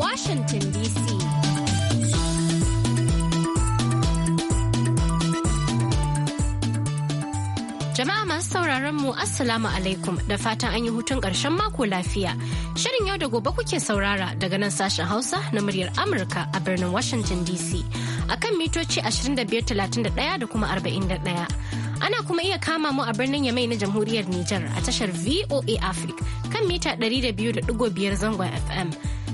Washington DC. Jama'a masu sauraron mu Assalamu alaikum da fatan an yi hutun ƙarshen mako lafiya. Shirin yau da gobe kuke saurara daga nan sashen Hausa na muryar Amurka a birnin Washington DC kan mitoci 2531 da kuma 41. Ana kuma iya kama mu a birnin Yamai na Jamhuriyar Nijar a tashar VOA Africa kan mita 200.5 zangon FM.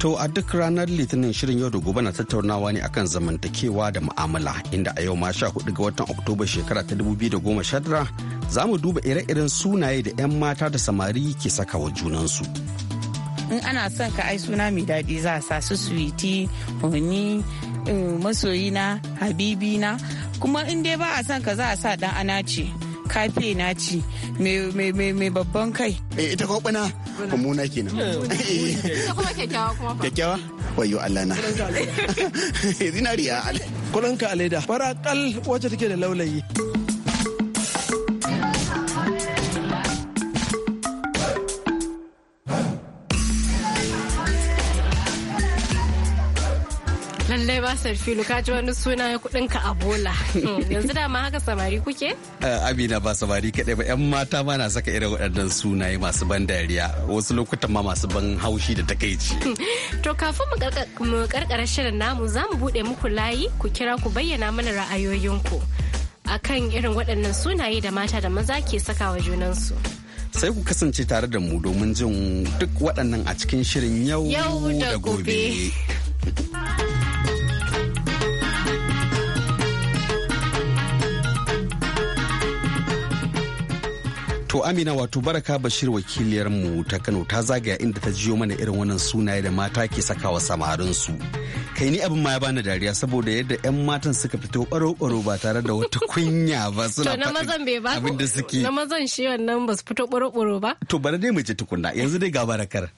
To a duk ranar Litinin shirin yau da gobe na tattaunawa ne akan zamantakewa da mu'amala inda a yau ma sha hudu ga watan Oktoba shekara ta dubu biyu da goma sha tara za mu duba ire-iren sunaye da 'yan mata da samari ke saka wa su. In ana son ka ai suna mai daɗi za a sa su suwiti, honi, eh, masoyina, habibina, kuma in dai ba a son ka za a sa dan ana ce. kafe na ci mai babban kai eh, ita ko bana mummuna kenan eh, eh. kuma kyakkyawa kuma kyakkyawa wayo Allah na zinariya kulanka a leda kal wacce take da laulayi kai ba sarfilu ka ji wani suna ya kudin ka a bola hmm, yanzu da haka samari kuke eh, amina ba samari kadai ba yan mata ma na saka irin waɗannan sunaye masu ban dariya wasu lokutan ma masu ban haushi da takaici hmm, to kafin mu karkara shirin namu za mu bude muku layi ku kira ku bayyana mana ra'ayoyinku akan irin waɗannan sunaye da mata da maza ke sakawa junansu. sai ku kasance tare da mu domin jin duk waɗannan a cikin shirin yau da gobe. To Amina wato Baraka Bashir wakiliyarmu ta Kano ta zagaya inda ta jiyo mana irin wannan sunaye da mata ke sakawa samarin su. Kai ni abin ma ya bani dariya saboda yadda 'yan matan suka fito baro-baro ba tare da wata kunya ba suna ba? abin da suke. Na mazan shi wannan ba su fito baro-baro ba. To bari dai mu ji tukunna yanzu dai ga barakar.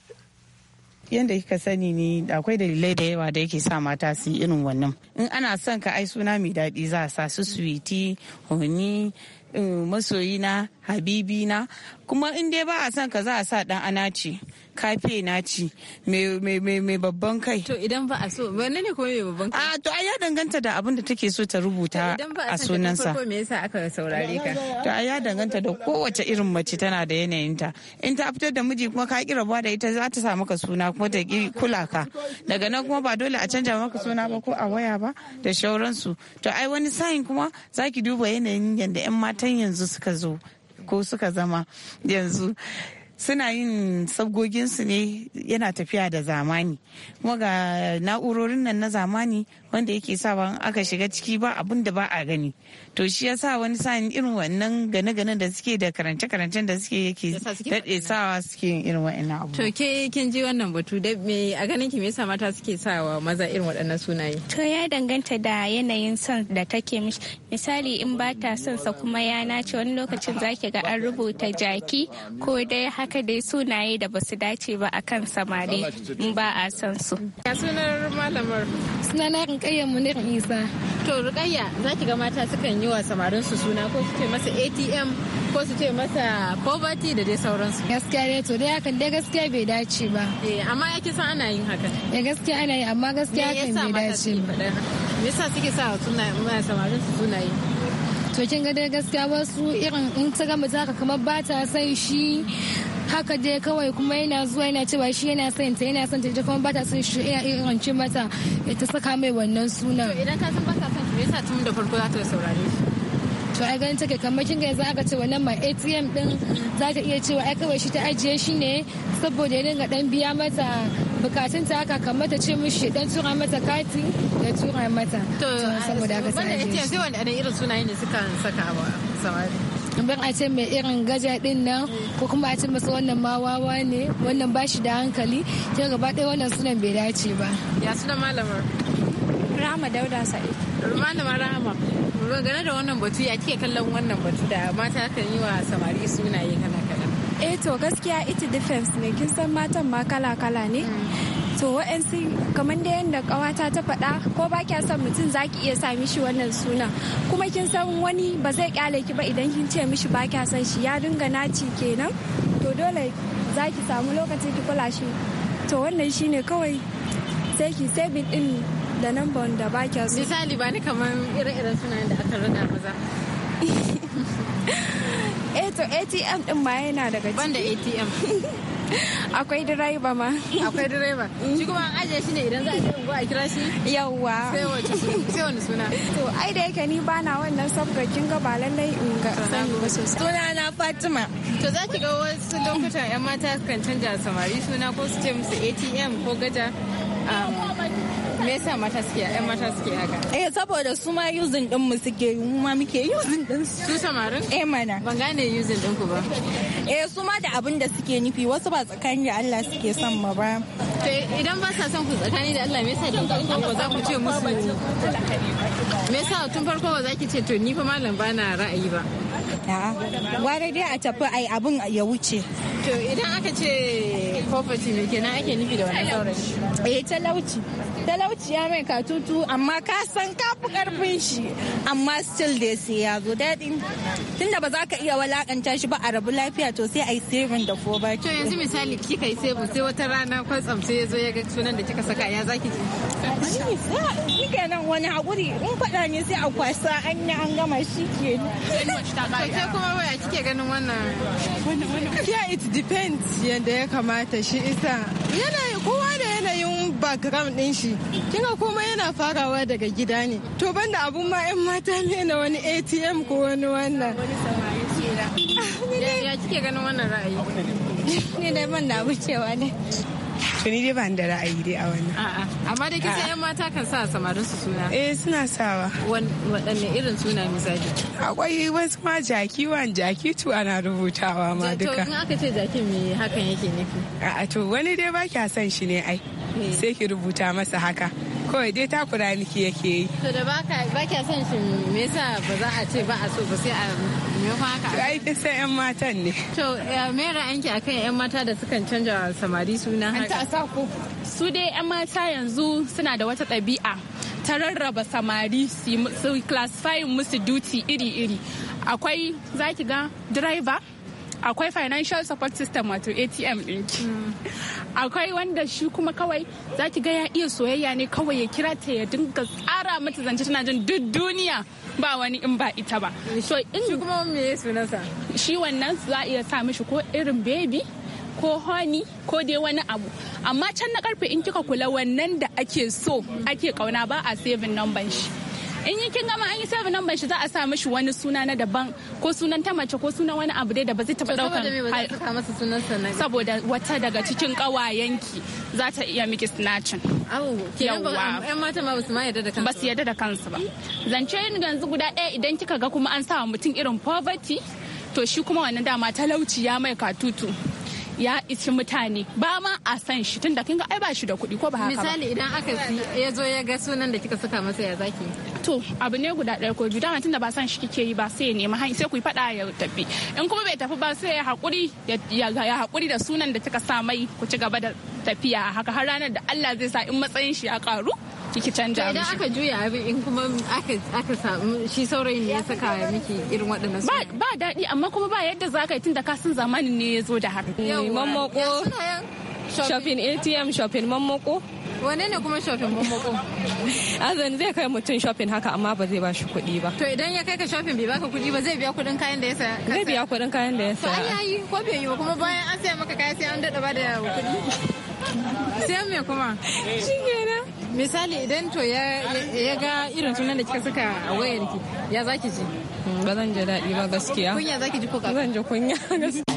Yanda kika sani ne akwai dalilai da yawa da yake sa mata su irin wannan in ana son ka ai suna mai daɗi za a sa su suwiti honey Eh, masoyina habibina kuma in dai ba a son ka za a sa dan ce. kafe na ci mai babban kai to idan ba a so wani ne kuma mai babban kai a ah, to ai ya danganta da abin da take so ta rubuta a sunansa to me yasa aka saurare ka to ai ya danganta da kowace irin mace tana da yanayinta in ta fitar da miji kuma ka ki rabuwa da ita za ta sa maka suna kuma ta kula ka daga nan kuma ba dole a canja maka suna ba ko a waya ba da shauransu to ai wani sa'in kuma za ki duba yanayin yadda 'yan matan yanzu suka zo ko suka zama yanzu suna yin sabgoginsu ne yana tafiya da zamani kuma ga na'urorin nan na zamani wanda yake sa ban aka shiga ciki ba abin da ba a gani to shi ya sa wani sa'in irin wannan gane-ganen da suke da karance-karancen da suke yake daɗe sawa suke yin irin wa'annan abu to ke kin ji wannan batu da me a ganin ki me yasa mata suke sawa maza irin waɗannan sunaye to ya danganta da yanayin son da take mishi misali in ba ta son sa kuma ya nace wani lokacin zaki ga an rubuta jaki ko dai haka haka dai sunaye da basu dace ba akan samari in ba a san su ya sunar malamar suna sunana rukayya munir isa to rukayya ki ga mata sukan yi wa samarin su suna ko su ce masa atm ko su ce masa poverty da dai sauransu gaskiya ne to dai hakan dai gaskiya bai dace ba eh amma ya san ana yin haka Ya eh, gaskiya ana yi amma gaskiya hakan bai dace ba me yasa suke sa sunaye samarin su sunaye to kin ga dai gaskiya wasu irin in ta gama ta haka kamar ba ta son shi haka dai kawai kuma yana zuwa yana cewa shi yana son ta yana son ta ita kuma ba ta son shi ina irin ce mata ya ta saka mai wannan sunan to idan ka san ba ta son shi yasa tun da farko za ta saurare shi to ai ganin take kamar kin ga yanzu aka ce wannan mai ATM din za ta iya cewa ai kawai shi ta ajiye shi ne saboda ya dinga dan biya mata bukatunta haka kamar ta ce mishi dan tura mata kati ya tura mata to saboda haka sai ya ce sai wani irin sunayen da suka saka wa samari ban a ce mai irin gaja din nan ko kuma a ce masa wannan ma wawa ne wannan bashi da hankali ke gaba ɗaya wannan sunan bai dace ba ya suna malamar rahama dauda sa'id malama rahama gane da wannan batu ya kike kallon wannan batu da mata kan yi wa samari sunaye kana eh to gaskiya it defense ne kin san matan ma kala-kala ne to wa'ansu kamar da yadda kawata ta faɗa ko ba kya son mutum za ki iya sa mishi wannan suna kuma kin san wani ba zai kyale ki ba idan kin ce mishi ba kya son shi ya dinga naci kenan to dole za ki samu lokaci ki kula shi to wannan shi ne kawai sai ki sai din da nan da ba kya so misali ba ni kamar ire-iren sunan da aka rada maza to atm din ma yana daga ciki banda atm akwai direba ma akwai direba shi kuma an ajiye shi ne idan za a je unguwa a kira shi yawwa sai wace sai wani suna to ai da yake ni ba na wannan sabga kin ga ba lallai in ga ba sosai suna na Fatima to za ki ga wasu lokutan yan mata kan canja samari suna ko su ce musu ATM ko gaja um, me yasa mata suke yan mata suke haka eh saboda su ma using din mu suke mu ma muke using din su samarin eh mana ban gane using din ku ba eh su ma da abin da suke nufi wasu ba tsakani da Allah suke son mu ba to idan ba sa son ku tsakani da Allah me yasa tun farko ba za ku ce musu me yasa tun farko ba za ki ce to ni fa malam bana ra'ayi ba a'a wa dai a tafi ai abin ya wuce To idan aka ce poverty me kenan ake nufi da wani saurayi? Eh talauci. Talauci ya mai katutu amma ka san ka fi karfin shi amma still da sai ya zo daɗin. Tunda ba za ka iya walakanta shi ba a rabu lafiya to sai a yi saving da poverty. To yanzu misali kika yi saving sai wata rana kwatsam sai ya zo ya ga sunan da kika saka ya zaki ji. wani haƙuri in faɗa ne sai a kwasa an yi an gama shi kuma waya kike ganin wannan? depends yadda ya kamata shi isa yanayi kowa da yanayin background din shi kinga kuma yana farawa daga gida ne to banda abun ma 'yan mata ne na wani atm ko wani wannan ah, ya kike ganin wannan ra'ayi ne da man na wucewa ne to ni dai ba ni da ra'ayi dai a wannan amma dai kisa yan mata kan sa samarin su suna eh suna sawa waɗanne irin suna misali akwai wasu ma jaki wan jaki tu ana rubutawa ma duka to in aka ce jaki me hakan yake nufi a'a to wani dai ba kya son shi ne ai sai ki rubuta masa haka kawai dai ta kura niki yake yi to da ba kya son shi me yasa ba za a ce ba a so ba sai a me haka ai sai yan matan ne to me ra'ayinki akan yan mata da sukan canja samari suna haka an ta ko su dai yan mata yanzu suna da wata ɗabi'a ta rarraba samari su classifying musu duty iri-iri akwai zaki ga driver akwai financial support system wato atm ɗinki hmm. akwai wanda shi kuma kawai za ki ga ya iya soyayya ne kawai ya kira ta ya dinga tsara mata zance tana jin duk duniya ba wani in ba ita ba so in shi kuma me nasa? shi wannan za a iya sa mishi ko irin baby ko honey ko dai wani abu amma can na karfe in kika kula wannan da ake so ake kauna ba a saving number shi in yi kin gama an yi sabon nan shi za a sa mishi wani suna na daban ko sunan ta mace ko sunan wani abu dai da ba zai taba daukan saboda wata daga cikin kawayenki za ta iya miki snatchin yawwa yan mata ma basu ma yadda da kansu su yadda da kansu ba zance yanzu guda ɗaya idan kika ga kuma an sa wa mutum irin poverty to shi kuma wannan dama talauci ya mai katutu ya isi mutane ba ma a san shi tun da kinga ai ba shi da kuɗi ko ba haka ba misali idan aka ya zo ya ga sunan da kika saka masa ya zaki to abu ne guda ɗaya ko biyu dama tunda ba san shi kike yi ba sai ya nemi sai ku faɗa ya tafi in kuma bai tafi ba sai ya haƙuri ya haƙuri da sunan da kika sa mai ku ci gaba da tafiya haka har ranar da Allah zai sa in matsayin shi ya ƙaru kiki canja mishi. Idan aka juya abin in kuma aka samu shi saurayin ne ya saka miki irin waɗannan Ba ba daɗi amma kuma ba yadda za ka yi tun ka san zamanin ne ya zo da haka mamako Mammako. Shopping ATM shopping mammako. Wane ne kuma shopping a zan zai kai mutum shopping haka amma ba zai ba shi kuɗi ba. To idan ya kai ka shopping bai baka kuɗi ba zai biya kuɗin kayan da ya saya. Zai biya kuɗin kayan da ya saya. To an yi ko bai yi ba kuma bayan an saya maka kaya sai an daɗa ba da kuɗi. Sai me kuma? shikenan Misali idan to ya ga irin sunan da kika saka a wayarki ya zaki ji? Hmm, ba zan ji daɗi ba gaskiya. Kunya zaki ji ko ka? Zan ji kunya gaskiya.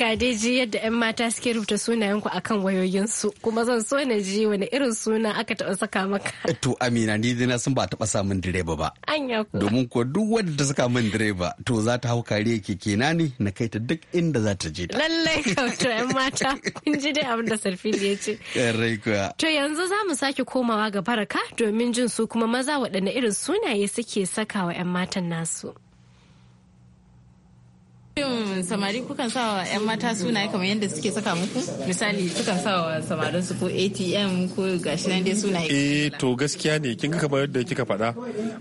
ka dai ji yadda 'yan mata suke rubuta sunayenku akan wayoyinsu kuma zan so na ji wani irin suna aka taɓa saka maka. Eh to Amina ni dai na sun ba taɓa samun direba ba. Anya kuwa. Domin ko duk wanda ta saka min direba to za ta hau kariya keke na ne na kai ta duk inda za ta je. Lallai kauta 'yan mata kun ji dai abin da Sarfili ya ce. Yarrai kuwa. To yanzu za mu sake komawa ga baraka domin jin su kuma maza waɗanne irin sunaye suke saka wa 'yan matan nasu. samari kukan sa wa 'yan mata sunaye kamar yadda suke saka muku? Misali sukan sa wa samarin su ko ATM ko gashi nan dai sunaye. Eh to gaskiya ne kin ga kamar yadda kika faɗa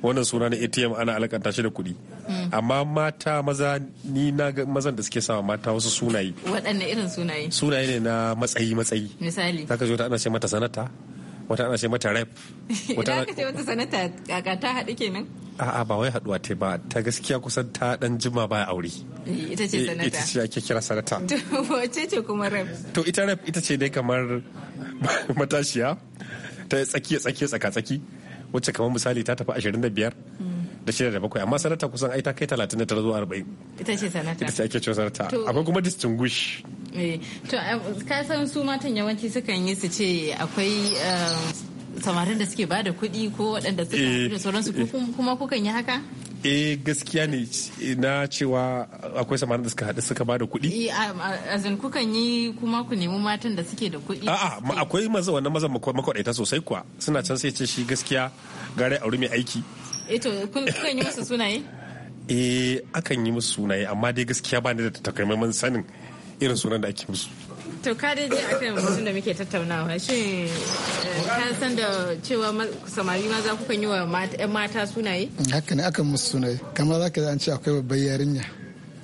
wannan suna na ATM ana alakanta shi da kuɗi. Hmm. Amma mata maza ni na ga mazan da suke sa wa mata wasu sunaye. Waɗanne irin sunaye? Sunaye ne na matsayi matsayi. Misali. Zaka zo ta ana ce mata sanata. wata ana ce mata rap wata ka ce wata sanata kaka ta haɗu kenan a'a ba wai haɗuwa ta ba ta gaskiya kusan ta dan jima ba aure eh, ita ce eh, sanata ita ce ake kira sanata to wace ce kuma rap to ita rap ita ce dai kamar matashiya ta tsakiya tsakiya tsaka tsaki wacce kamar misali ta tafi 25 mm. da shida da bakwai amma sanata kusan ai ta kai talatin da zuwa arba'in ita ce sanata ita ce ake cewa sanata akwai kuma distinguish Eh, to eh, ka san su matan yawanci sukan yi su ce akwai eh, samarin da suke bada kuɗi ko waɗanda suka da sauransu kuma kukan yi haka eh gaskiya ne na cewa akwai samarin da suka haɗu suka bada kuɗi zan kukan yi kuma ku nemi matan da suke da kuɗi a'a akwai maza wannan maza makwaɗaita sosai kuwa suna can sai ce shi gaskiya gare aure mai aiki eh to kun kukan yi musu sunaye eh akan yi musu sunaye amma dai gaskiya ba ni da takamaiman sanin irin sunan da ake musu to ka dai a kan mutum da muke tattaunawa shin eh, ka san da cewa samari maza kukan yi wa 'yan mata sunaye haka ne akan musu sunaye kamar za ka an ce akwai babbar yarinya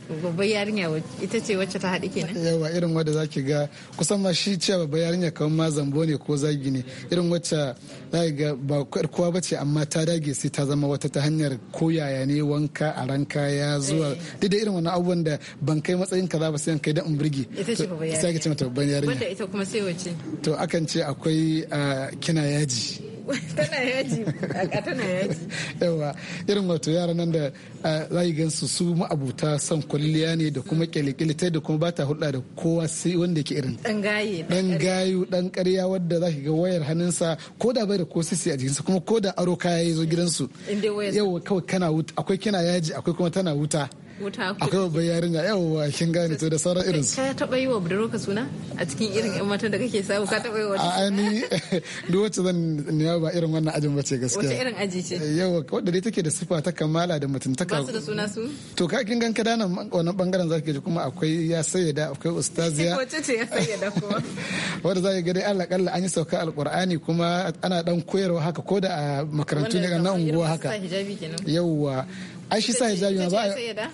babbar yarinya ita ce wacce ta haɗu kenan yawa irin wadda za ki ga kusan ma shi cewa babbar yarinya kamar ma zambo ne ko zagi ne irin wacce za ga ba kowa bace amma ta dage sai ta zama wata ta hanyar ko yaya ne wanka a ran kaya zuwa eh. duk da irin wani abubuwan da ban kai matsayin kaza ba sai kai dan in burge ita ce babbar yarinya sai ka babbar yarinya wanda ita kuma sai wace to akan ce akwai ah, kina yaji tana yaji tana yaji yawa irin wato yara nan da za yi gansu su ma'abuta son kwalliya ne da kuma kyalikyali ta da kuma bata hulɗa da kowa sai wanda ke irin dan gaye dan gayu dan ƙarya wadda za ki ga wayar hannunsa ko da bai da ko sisi a jikinsa kuma ko da aro kaya ya zo gidansu yawa kawai kana wuta akwai kina yaji akwai kuma tana wuta wuta akwai babban yarinya yawa kin gane to da sauran irinsu ka taba yi wa budurwarka suna a cikin irin yan matan da kake samu ka taba yi wa a ni duk wacce zan nema ba irin wannan ajin bace gaskiya wace irin aji ce yawa wadda dai take da sifa ta kamala da mutuntaka ba su da suna su to ka kin gan kada nan wannan bangaren zaka ji kuma akwai ya sayyada akwai ustaziya wace ce ya sayyada kuma wanda zaka ga dai Allah kalla an yi sauka alqur'ani kuma ana dan koyarwa haka ko da a makarantu ne na unguwa haka yawa ai shi sa hijabi na ba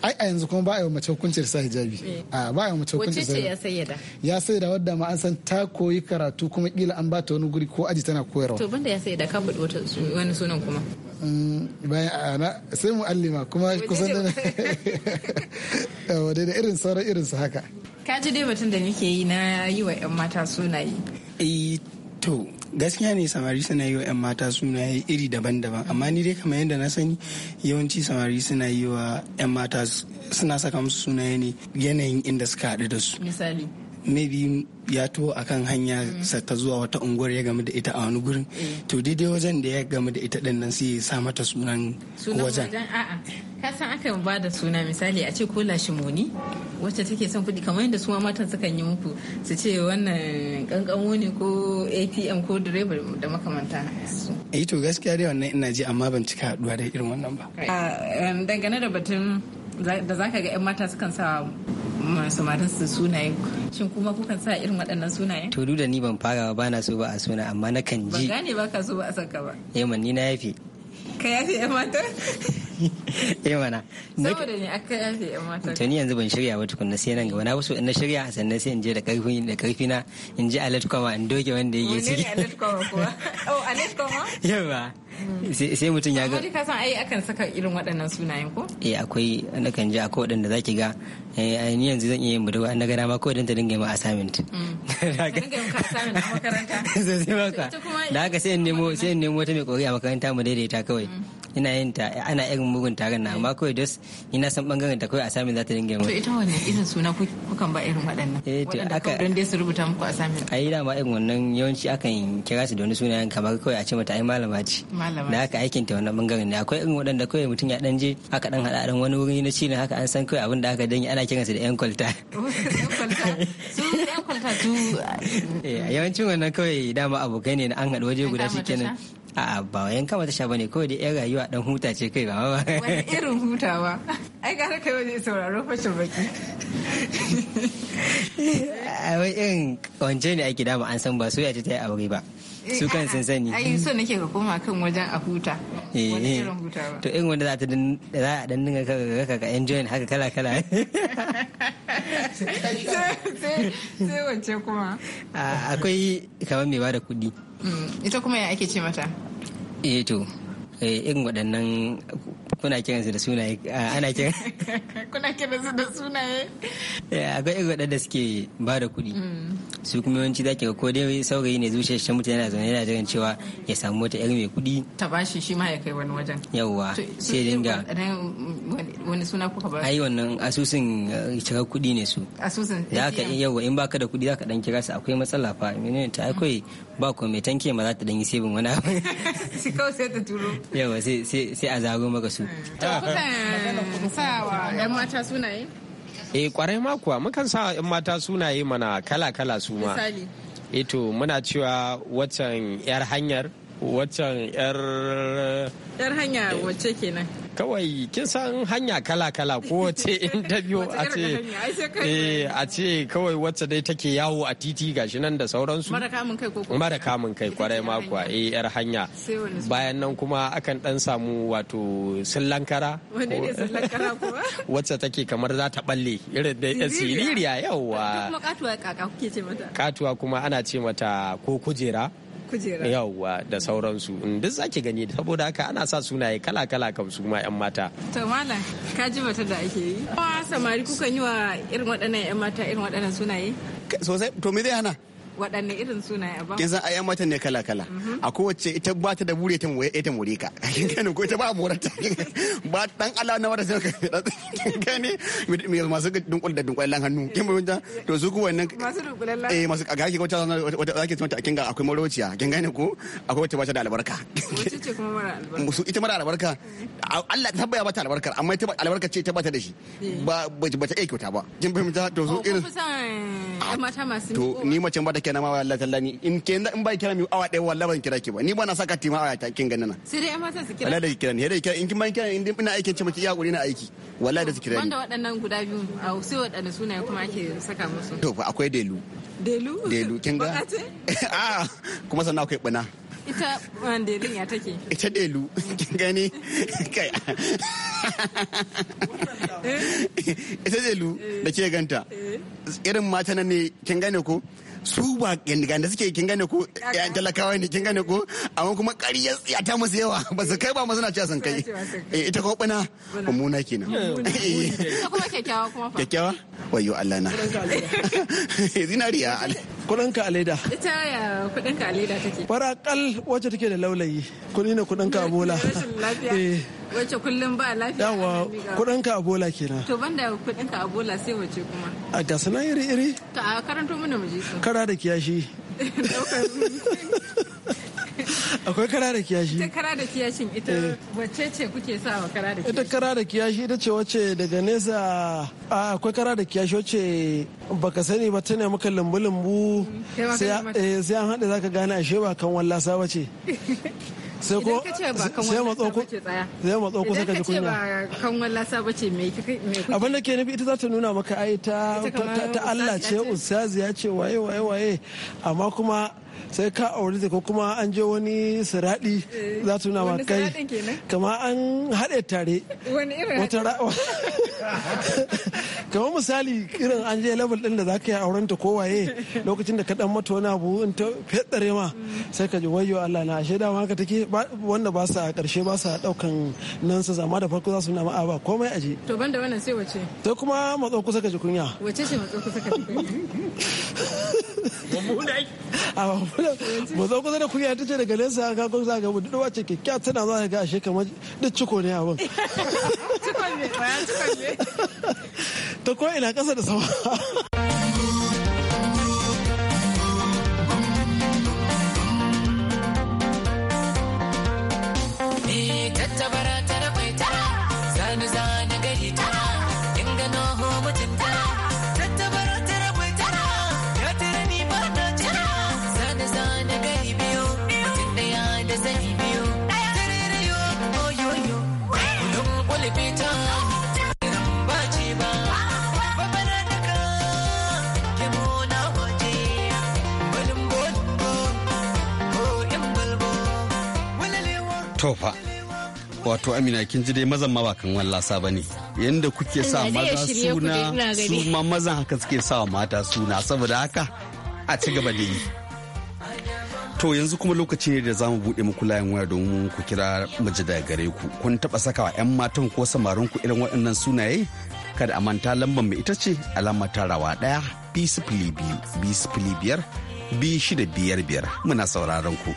a yanzu kuma ba a yi mace da sa hijabi eh. a ba a yi mace hukunci sa ya sayyada ya sayyada wadda ma an san ta koyi karatu kuma kila an ba ta wani guri ko aji tana koyarwa to banda ya sayyada ka faɗi wata wani sunan kuma mm, bayan ana sai mu'allima kuma kusan da wadai da irin sauran irin su haka ka ji dai batun da nake yi na yi wa 'yan mata sunaye eh to gaskiya ne samari suna yi wa 'yan mata yi iri daban-daban amma ni dai kamar yadda na sani yawanci samari suna yi wa 'yan mata suna saka musu sunaye ne yanayin inda suka haɗu da su misali maybe ya taho kan hanya ta zuwa wata unguwar ya gamu da ita a wani gurin eh. to daidai wajen da ya gamu da ita din nan sai ya sa mata sunan wajen a'a ka san akan ba da suna misali a ce ko lashimoni wacce take son kuɗi kamar yadda suma matan sukan yi muku su ce wannan kankamo ne ko atm ko direba da makamanta yi eh to gaskiya dai wannan ina ji amma ban cika haduwa da irin wannan ba ah, dangane da batun da zaka ga 'yan mata sukan sa samarin su sunaye shin kuma kukan sa irin waɗannan sunaye to duk da ni ban fara ba na so ba a suna amma na kan ji ban gane ba ka so ba a saka ba yaman ni na yafe. ka yafe yan mata eh mana saboda ne aka yafe yan mata to yanzu ban shirya ba tukunna sai nan gaba na wasu in na shirya sannan sai in je da karfi da karfi na in je alert kwama in doke wanda yake ciki ne alert kwama kuwa oh alert kwama yawa sai mutum ya ga amma ka san ai akan saka irin waɗannan sunayen ko eh akwai na kan ji akwai waɗanda zaki ga eh ni yanzu zan iya yin budurwa na gana ma ko dan ta dinga ma assignment mm. dinga maka assignment a makaranta sai ba ka da haka sai in nemo sai in nemo wata mai kokari a makaranta mu daidaita kawai mm. ina yin ta ana irin mugun taron na amma kawai dos ina san bangaren da kawai asamin za ta dinga mu to ita wani irin suna kukan ba irin waɗannan eh to aka don dai su rubuta muku asamin da ma irin wannan yawanci akan kira su da wani sunayen kamar kawai a ce mata ai malama ce da haka aikin ta wannan bangaren ne akwai irin waɗanda kawai mutum ya ɗan je aka ɗan hada ɗan wani wuri na shi ne haka an san kawai abin da aka danyi ana kiransa da yan kwalta eh, yawancin wannan kawai dama abokai ne na an haɗu waje guda shi kenan A'a ba yan kama tasha bane kawai da yan rayuwa dan huta ce kai ba. Wani irin hutawa. Ai gara kai wani sauraro fashin baki. A wai irin kwance ne ake dama an san ba soya ce ta yi aure ba. su kan sansani ai so nake ka koma kan wajen a huta Eh. huta ba to in wanda za ta za a dan dinga ka ka enjoy haka kala kala sai wacce kuma akwai kamar mai bada kuɗi mm, ita kuma ya ake ce mata eh to eh, in waɗannan kuna kiransu da sunaye ana kiran kuna kiransu da sunaye eh, akwai irin waɗanda suke ba da kuɗi mm. su kuma yawanci za ki ga ko dai saurayi ne zuciyar shi mutane yana zaune yana jiran cewa ya samu wata yar mai kuɗi ta bashi shi ma ya kai wani wajen yawwa sai dinga wani suna kuka ba ai wannan asusun eh, cika kuɗi ne su asusun da yi yawwa in baka da kuɗi ka dan kira su akwai matsala fa menene ta akwai ba ko mai tanke ma za ta dan yi sebin wani abu shi kawai sai ta turo yawwa sai sai a zago maka su eh, to kusan eh, sa wa ɗan mata sunaye eh kwarai ma kuwa mukan sa yan mata sunaye mana kala kala su ma eto eh muna cewa waccan yar hanyar waccan yar yar hanya wacce kenan kawai kin san hanya kala-kala ko wace in ta biyo a ce eh, a ce kawai wacce dai take yawo a titi gashi nan da sauransu mara kamun kai kwarai makwa eh yar hanya bayan nan kuma akan dan samu wato sillankara wacce take kamar za ta balle irin da yan siririya yawa katuwa kuma ana ce mata ko kujera kujera yawwa da sauransu mm, duk zaki gani saboda haka ana sa sunaye kala kala kan su ma yan mata to mala ka ji mata da ake yi samari kukan yi wa irin waɗannan yan mata irin waɗannan sunaye sosai to me zai hana waɗanne irin sunaye a ba kin san ai yan matan ne kala kala mhm. a kowace ita ba ta da buri ta ita eh, muri ka Gani ko ita ba morata ba dan Allah na wata sai gane masu dunkul da dunkulan hannu kin ba to su ku wannan masu dunkulan eh masu ga ki wata wata zaki tunta kin ga akwai marociya kin gani ko akwai wata ba ta da albarka wace ce kuma mara albarka ita mara albarka Allah ta baya bata albarka amma ita albarka ce ta bata da shi eh. ba ba ta iya kyauta ba kin fahimta to su oh, irin to ni mace ba da kenan ma wallahi tallani in ke in ba kira mi awa ɗaya wallahi ban kira ki ba ni ba na saka tima awa ta kin ganna na sai dai amma su kira wallahi da kira ne dai kira in kin ban kira in ina aikin ci maki iya guri na aiki wallahi da su kira ni wanda waɗannan guda biyu sai waɗanne sunaye kuma ake saka musu to akwai delu delu delu kin ga a ah, kuma sannan akwai bina ita delin ya take ita delu kin gani kai eh? ita delu da ke ganta eh? irin mata ne kin gane ko su ba ganda suke kin gane ko yan talakawa ne kin gane ko amma kuma ƙari ya tsiyata musu yawa ba su kai ba masu na cewa sun kai eh, ita ko bana eh. mummuna kenan kuma kyakkyawa kuma fa kyakkyawa wayo Allah na zinariya kudin ka aleda ita ya kudin ka aleda take farakal wacce take da laulayi kudi ne kudin ka abola eh Wace kullum ba lafiya. Yawa kuɗin ka bola kenan. To ban da kuɗin ka bola sai wace kuma. A ga sana iri iri. To a karanto mana mu je su. Kara da kiyashi. Akwai kara da kiyashi. Ita kara da kiyashin ita eh. wacce ce kuke sa wa kara da kiyashi? Ita kara da kiyashi ita ce wacce daga nesa akwai kara da kiyashi wacce baka sani ba tana maka lambu-lambu mm, eh, sai an haɗe zaka gane ashe ba kan wallasa ba ce. sai ko sai mu tsoko sai tsoko sai ka ji kunya kan sa bace me kuke abin da ke nufi ita za ta nuna maka ai ta ta Allah ce ustazi ya ce waye waye waye amma kuma sai ka aure ta ko kuma an je wani siraɗi za su nama ma kai kama an haɗe tare wata kama misali irin an je level ɗin da za ka yi auren ta kowaye lokacin da ka ɗan mata wani abu in ta fetsare ma sai ka ji wayo Allah na ashe dama ka take wanda ba sa ƙarshe ba sa ɗaukan nan su zama da farko za su nama ma ba komai aje to banda wannan sai wace to kuma matso kusa ka ji kunya wace ce matso kusa ka ji kunya ba zo kusa da kuya a ce daga nesa ga ko za ga mu duk wace kikkiya tana za ga gashi kamar duk ciko ne abin ciko ne ba ya ne ta ko ina kasa da sama tofa wato amina kin ji dai mazan mawakan wallasa ba ne yadda kuke sa maza suna su ma mazan haka suke sa mata suna saboda haka a ci gaba da yi to yanzu kuma lokaci ne da za mu buɗe muku layin waya domin ku kira miji daga gare ku kun taɓa wa 'yan matan ko samarin ku irin waɗannan sunaye kada a manta lambar mai ita ce alamar tarawa ɗaya b sifili biyu b sifili biyar b shida biyar biyar muna sauraron ku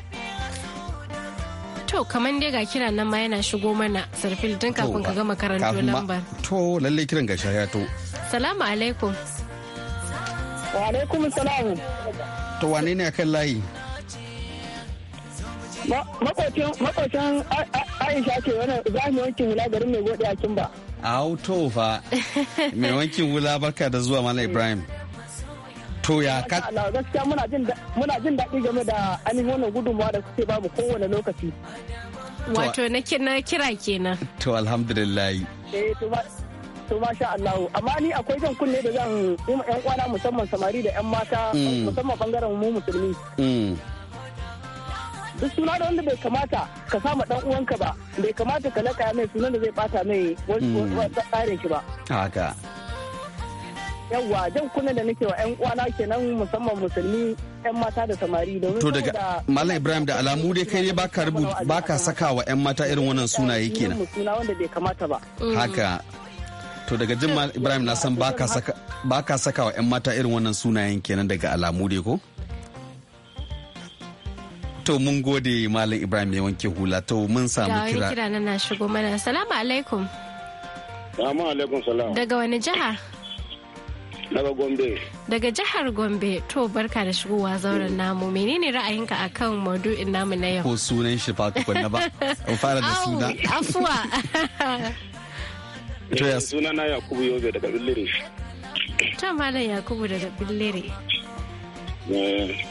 To kaman dai ga kiran nan ma yana shigo mana sarfil tun kafin ka gama karanto lambar. To lalle kiran ga ya to. Salamu alaikum. Wa alaikum salam. To wane ne akan layi? Makocin Aisha ce wani za mu yanki wula garin mai gode a Kimba. ba. Auto fa. Mai wankin wula barka da zuwa Malam Ibrahim. to ya ka gaskiya muna jin muna jin daɗi game da ainihin wannan gudunmawa da kuke bamu kowane lokaci wato na kira kenan to alhamdulillah eh to to sha Allah amma ni akwai jan kunne da zan yi ma yan kwana musamman samari da yan mata mm. musamman bangaren mu musulmi mm. duk suna da wanda bai kamata ka sa sama dan uwanka ba bai kamata ka laka mai sunan da zai bata mai wani mm. tsarin ki ba haka yawa jan kuna da nake wa 'yan uwana kenan musamman musulmi 'yan mata da samari domin to daga mallam ibrahim da alamu dai kai ne baka rubuta baka saka wa 'yan mata irin wannan sunaye kenan suna wanda bai kamata ba haka to daga jin malam ibrahim na san baka saka baka saka wa 'yan mata irin wannan sunayen kenan daga alamu dai ko to mun gode mallam ibrahim ya wanke hula to mun samu kira ga wani kira na shigo mana salamu alaikum salamu alaikum salam daga wani jiha Daga Gombe. Daga jihar Gombe to barka da shigowa zauren mm. namu menene ra'ayinka akan in namu na yau? Ko sunan shi ba kwanne ba. fara da suna. Afuwa. Suna na Yakubu Yobe daga Billiri. To Malam Yakubu daga Billiri. Eh.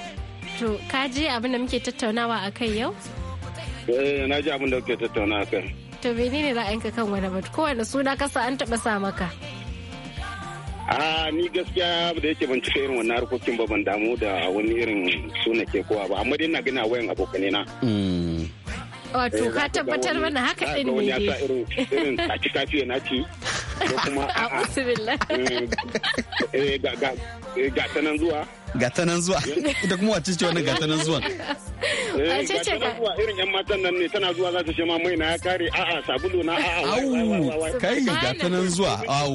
To ka ji abin da muke tattaunawa a kai yau? Eh na ji abin da muke tattaunawa a kai. To menene ra'ayinka kan wani batu? Kowane suna kasa an taɓa sa maka. a ni gaskiya da yake ban cika irin wannan harkokin ba ban damu da wani irin suna ke kowa ba amma dai na gina wayan abokanai na hmm. wato eh, ka tabbatar mana haka din ne ya sa irin irin kaci kaci na ci ko kuma a usubillah eh ga ga eh, ga tanan zuwa gatanan zuwa ita kuma wacce ce wannan gatanan zuwan eh, wacce ce ka zuwa irin yan matan nan ne tana zuwa za ta ce ma mai na ya kare a sabulu na a'a au kai gatanan zuwa au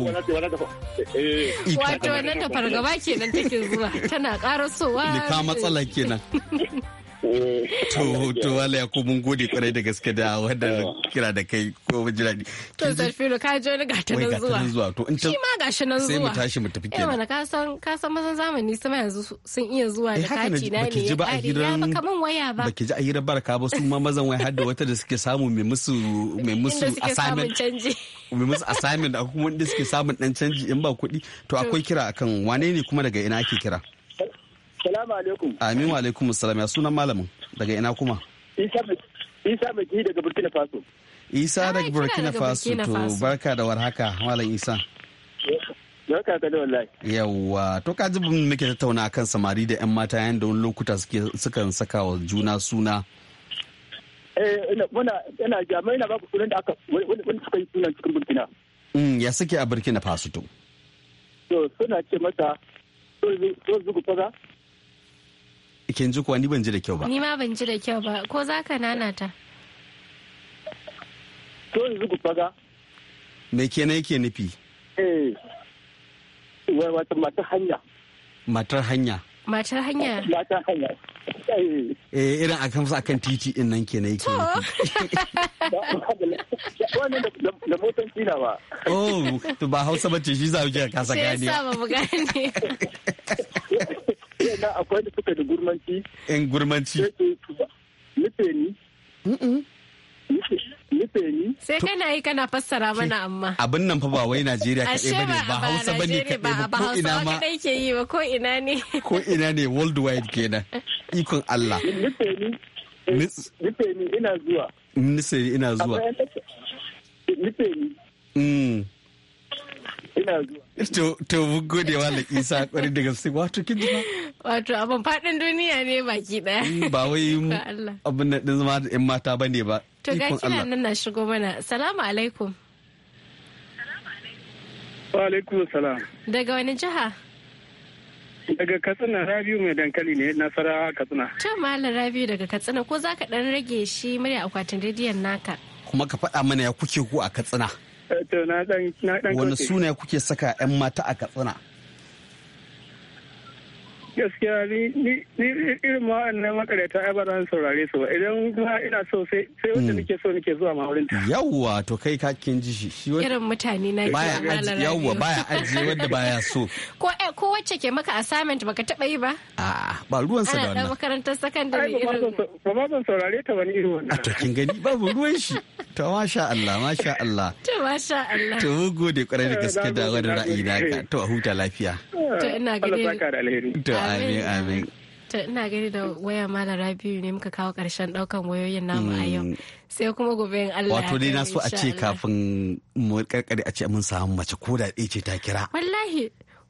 eh, eh. wato wannan ta fargaba kenan take zuwa tana karasowa ne ka matsala kenan to to wala ya ko mun gode kwarai da gaske da wanda kira da kai ko mun ji daɗi to zarfilo ka je ni gata nan zuwa zuwa to in shi ma gashi nan zuwa sai mu tashi mu tafi eh, kenan yawa ka san ka san mazan zamani sama yanzu sun iya zuwa eh, da kati na ne ya a ya ba kaman waya ba baki ji a hirar barka ba su ma mazan waya har da wata da suke samu mai musu mai musu assignment mai musu assignment da kuma inda suke samun dan canji in ba kuɗi to akwai kira akan wane ne kuma daga ina ake kira Salamu alaikum. Amin wa alaikum salam ya sunan malamin daga ina kuma? Isa mai Baki daga Burkina Faso. Isa daga Burkina Faso to barka da warhaka malam Isa. Barka ka da wallahi. Yawwa to ka ji muke tattauna kan samari da 'yan mata yayin da wani lokuta sukan saka wa juna suna. muna yana jami'ai na sunan da aka wani suka yi sunan cikin burkina. ya suke a burkina faso to. to suna ce mata so zugu faza kin ji kuwa ni ban ji da kyau ba ni ma ban ji da kyau ba ko za ka nanata to yanzu ku faga me kenan yake nufi eh wata matar hanya matar hanya matar hanya matar hanya eh, eh irin a kan akan titi din nan kenan yake da motan kina ba oh to ba hausa bace shi za ka kasa gane Shi sa ba mu gane na akwai da suka da gurmanci in gurmanci nufe ni nufe ni sai kana yi kana fassara mana amma abin nan fa ba wai Najeriya kaɗai bane ba Hausa bane kaɗai ba ko ina ma ke yi ba ko ina ne ko ina ne worldwide kenan ikon Allah nufe ni nufe ni ina zuwa nufe ni ina zuwa nufe ni ina zuwa. To, mun gode Malam Isa kwarai da gaske. Wato, kin jima Wato, abin faɗin duniya ne baki ɗaya. Hmm, ba wai abin da ɗin zama ‘yan mata ba ne ba. To, ga kina nan na shigo mana. Salamu alaikum. Wa alaikum salam. Daga wani jiha? Daga Katsina Rabiu mai dankali ne Nasarawa Katsina. To Malam Rabiu daga Katsina ko za ka ɗan rage shi murya akwatin rediyon naka? Kuma ka faɗa mana ya kuke ku a Katsina. wani sune kuke saka 'yan mata a katsina gaskiya ni irin ma'annan makarata ai ba zan saurare su ba idan kuma ina so sai sai wanda hmm. nake so nake zuwa ma wurin ta yawwa to kai ka kin ji shi irin mutane na baya yawwa baya ajiye wanda baya so ko eh, ko wacce ke maka assignment baka taba yi ba a ba ruwan sa da wannan ana makarantar secondary irin ba ma zan saurare ta wani irin wannan to kin gani babu ruwan shi to masha Allah masha Allah to masha Allah to mu gode kwarai da gaske eh, da wannan ra'ayi naka to a huta lafiya to ina gani Allah saka da alheri amin amin to ina gani da waya mala rabiu ne muka kawo karshen daukan wayoyin namu a yau mm. sai kuma gobe in Allah wato dai na so a ce kafin mu karkare a ce mun samu mace ko da ɗaya ce ta kira wallahi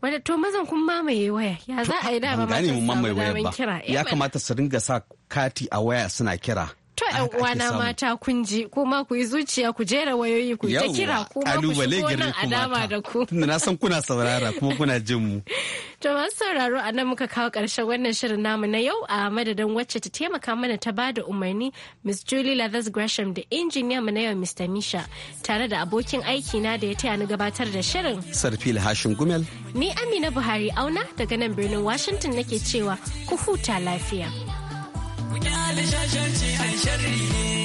wanda to mazan kun mamaye waya ya za a yi dama mata samu daman kira eh, ya kamata su ringa sa kati a waya suna kira To ‘yan uwana mata kunji kuma ku yi zuciya ku jera wayoyi ku ta kira kuma ku shigo nan a dama da ku. Tunda na san kuna saurara kuma kuna jin mu. To masu sauraro a nan muka kawo ƙarshen wannan shirin namu na yau a madadin wacce ta taimaka mana ta ba da umarni Miss Julie Lathers Gresham da injiniya mu na yau Mr. Misha tare da abokin aiki na da ya taya ni gabatar da shirin. Sarfil hashin Gumel. Ni Amina Buhari auna daga nan birnin Washington nake cewa ku huta lafiya. da shashanci ne